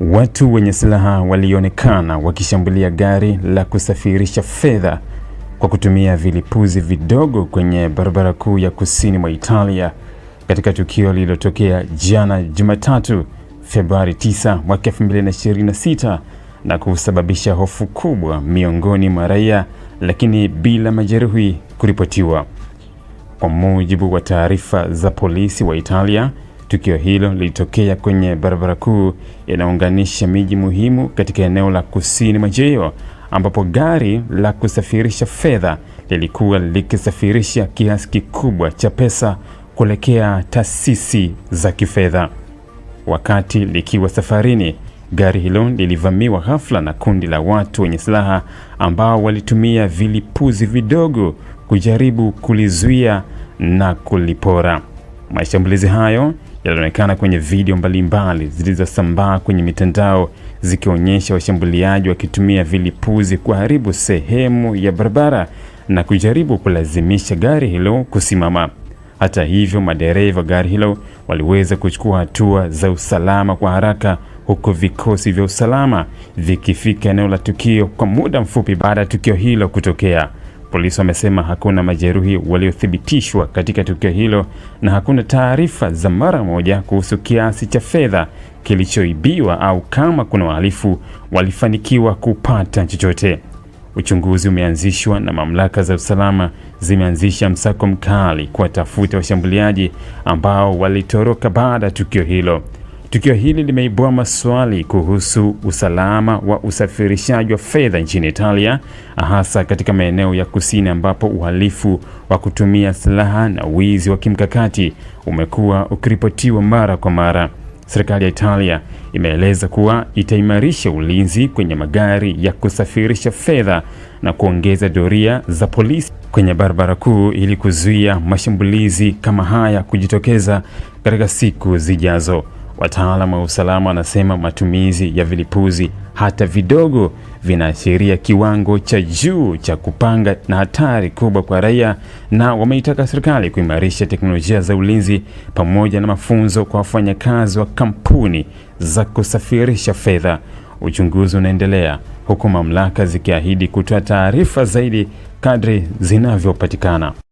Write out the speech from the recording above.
Watu wenye silaha walionekana wakishambulia gari la kusafirisha fedha kwa kutumia vilipuzi vidogo kwenye barabara kuu ya kusini mwa Italia katika tukio lililotokea jana Jumatatu, Februari 9 mwaka 2026 na kusababisha hofu kubwa miongoni mwa raia, lakini bila majeruhi kuripotiwa, kwa mujibu wa taarifa za polisi wa Italia. Tukio hilo lilitokea kwenye barabara kuu inaunganisha miji muhimu katika eneo la kusini mwa ambapo gari la kusafirisha fedha lilikuwa likisafirisha kiasi kikubwa cha pesa kuelekea taasisi za kifedha. Wakati likiwa safarini, gari hilo lilivamiwa ghafla na kundi la watu wenye silaha ambao walitumia vilipuzi vidogo kujaribu kulizuia na kulipora. Mashambulizi hayo yalionekana kwenye video mbalimbali zilizosambaa kwenye mitandao zikionyesha washambuliaji wakitumia vilipuzi kuharibu sehemu ya barabara na kujaribu kulazimisha gari hilo kusimama. Hata hivyo, madereva gari hilo waliweza kuchukua hatua za usalama kwa haraka, huku vikosi vya usalama vikifika eneo la tukio kwa muda mfupi baada ya tukio hilo kutokea. Polisi wamesema hakuna majeruhi waliothibitishwa katika tukio hilo na hakuna taarifa za mara moja kuhusu kiasi cha fedha kilichoibiwa au kama kuna wahalifu walifanikiwa kupata chochote. Uchunguzi umeanzishwa na mamlaka za usalama zimeanzisha msako mkali kuwatafuta washambuliaji ambao walitoroka baada ya tukio hilo. Tukio hili limeibua maswali kuhusu usalama wa usafirishaji wa fedha nchini Italia, hasa katika maeneo ya kusini ambapo uhalifu wa kutumia silaha na wizi wa kimkakati umekuwa ukiripotiwa mara kwa mara. Serikali ya Italia imeeleza kuwa itaimarisha ulinzi kwenye magari ya kusafirisha fedha na kuongeza doria za polisi kwenye barabara kuu ili kuzuia mashambulizi kama haya kujitokeza katika siku zijazo. Wataalamu wa usalama wanasema matumizi ya vilipuzi hata vidogo vinaashiria kiwango cha juu cha kupanga na hatari kubwa kwa raia, na wameitaka serikali kuimarisha teknolojia za ulinzi pamoja na mafunzo kwa wafanyakazi wa kampuni za kusafirisha fedha. Uchunguzi unaendelea huku mamlaka zikiahidi kutoa taarifa zaidi kadri zinavyopatikana.